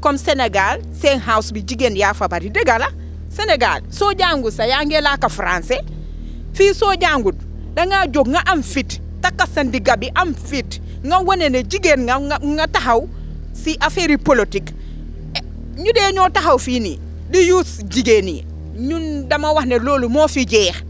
comme Sénégal seen house bi jigéen yaa fa bari dëgg la Sénégal soo jàngut sa yaa ngi laaka fii soo jàngut da jóg nga am fit takka sa bi am fit nga wane ne jigéen nga nga taxaw si affaire yi politique eh, ñu dee ñoo taxaw fii nii di yuus jigéen yi ñun dama wax ne loolu moo fi jeex